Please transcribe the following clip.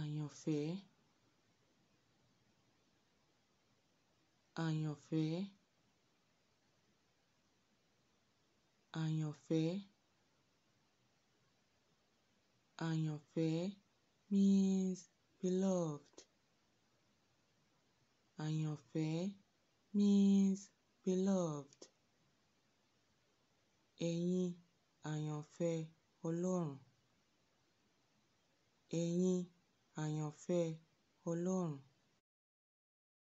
àyànfẹ́ àyànfẹ́ àyànfẹ́ àyànfẹ́ means beloved àyànfẹ́ means beloved ẹ̀yin àyànfẹ́ Ọlọ́run ẹ̀yin àyànfẹ́ Ọlọ́run